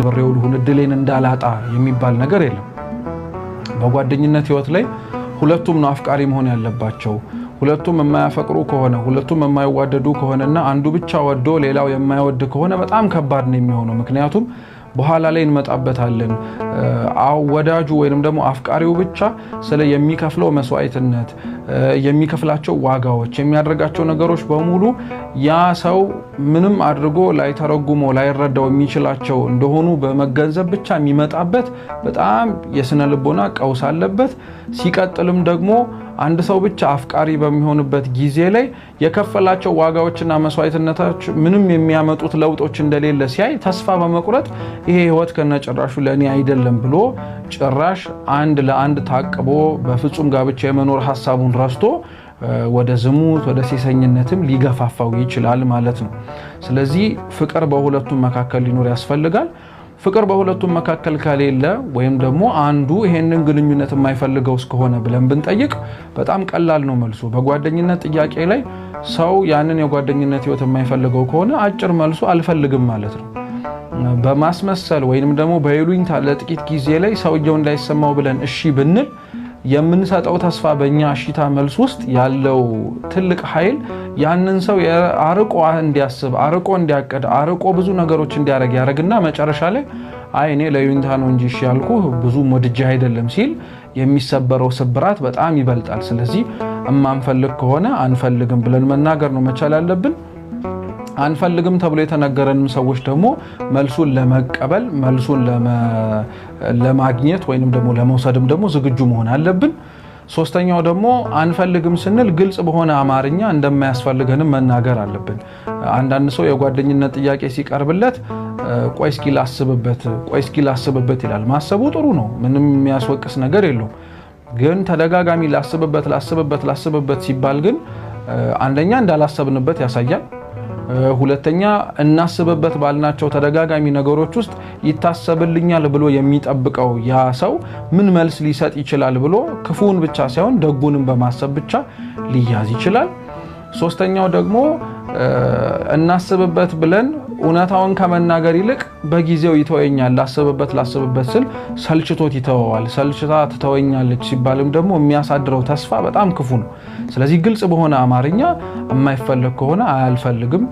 አጭበርብሬው ልሁን እድሌን እንዳላጣ የሚባል ነገር የለም። በጓደኝነት ህይወት ላይ ሁለቱም ነው አፍቃሪ መሆን ያለባቸው። ሁለቱም የማያፈቅሩ ከሆነ ሁለቱም የማይዋደዱ ከሆነና አንዱ ብቻ ወዶ ሌላው የማይወድ ከሆነ በጣም ከባድ ነው የሚሆነው። ምክንያቱም በኋላ ላይ እንመጣበታለን። ወዳጁ ወይንም ደግሞ አፍቃሪው ብቻ ስለ የሚከፍለው መስዋዕትነት፣ የሚከፍላቸው ዋጋዎች፣ የሚያደርጋቸው ነገሮች በሙሉ ያ ሰው ምንም አድርጎ ላይተረጉሞ ላይረዳው የሚችላቸው እንደሆኑ በመገንዘብ ብቻ የሚመጣበት በጣም የስነ ልቦና ቀውስ አለበት። ሲቀጥልም ደግሞ አንድ ሰው ብቻ አፍቃሪ በሚሆንበት ጊዜ ላይ የከፈላቸው ዋጋዎችና መስዋዕትነቶች ምንም የሚያመጡት ለውጦች እንደሌለ ሲያይ ተስፋ በመቁረጥ ይሄ ህይወት ከነጭራሹ ለእኔ አይደለም ብሎ ጭራሽ አንድ ለአንድ ታቅቦ በፍጹም ጋብቻ የመኖር ሀሳቡን ረስቶ ወደ ዝሙት ወደ ሴሰኝነትም ሊገፋፋው ይችላል ማለት ነው። ስለዚህ ፍቅር በሁለቱም መካከል ሊኖር ያስፈልጋል። ፍቅር በሁለቱም መካከል ከሌለ ወይም ደግሞ አንዱ ይሄንን ግንኙነት የማይፈልገው እስከሆነ ብለን ብንጠይቅ በጣም ቀላል ነው መልሱ። በጓደኝነት ጥያቄ ላይ ሰው ያንን የጓደኝነት ህይወት የማይፈልገው ከሆነ አጭር መልሱ አልፈልግም ማለት ነው። በማስመሰል ወይንም ደግሞ በይሉኝታ ለጥቂት ጊዜ ላይ ሰውየው እንዳይሰማው ብለን እሺ ብንል የምንሰጠው ተስፋ በእኛ እሽታ መልስ ውስጥ ያለው ትልቅ ኃይል ያንን ሰው አርቆ እንዲያስብ፣ አርቆ እንዲያቅድ፣ አርቆ ብዙ ነገሮች እንዲያደርግ ያደርግና መጨረሻ ላይ አይ እኔ ለዩንታ ነው እንጂ እሺ ያልኩ ብዙ ወድጄ አይደለም ሲል የሚሰበረው ስብራት በጣም ይበልጣል። ስለዚህ እማንፈልግ ከሆነ አንፈልግም ብለን መናገር ነው መቻል ያለብን። አንፈልግም ተብሎ የተነገረንም ሰዎች ደግሞ መልሱን ለመቀበል መልሱን ለማግኘት ወይንም ደግሞ ለመውሰድም ደግሞ ዝግጁ መሆን አለብን። ሶስተኛው ደግሞ አንፈልግም ስንል ግልጽ በሆነ አማርኛ እንደማያስፈልገንም መናገር አለብን። አንዳንድ ሰው የጓደኝነት ጥያቄ ሲቀርብለት ቆይ እስኪ ላስብበት፣ ቆይ እስኪ ላስብበት ይላል። ማሰቡ ጥሩ ነው፣ ምንም የሚያስወቅስ ነገር የለውም። ግን ተደጋጋሚ ላስብበት፣ ላስብበት፣ ላስብበት ሲባል ግን አንደኛ እንዳላሰብንበት ያሳያል። ሁለተኛ እናስብበት ባልናቸው ተደጋጋሚ ነገሮች ውስጥ ይታሰብልኛል ብሎ የሚጠብቀው ያ ሰው ምን መልስ ሊሰጥ ይችላል ብሎ ክፉውን ብቻ ሳይሆን ደጉንም በማሰብ ብቻ ሊያዝ ይችላል። ሶስተኛው ደግሞ እናስብበት ብለን እውነታውን ከመናገር ይልቅ በጊዜው ይተወኛል፣ ላስብበት ላስብበት ስል ሰልችቶት ይተወዋል። ሰልችታ ትተወኛለች ሲባልም ደግሞ የሚያሳድረው ተስፋ በጣም ክፉ ነው። ስለዚህ ግልጽ በሆነ አማርኛ የማይፈለግ ከሆነ አያልፈልግም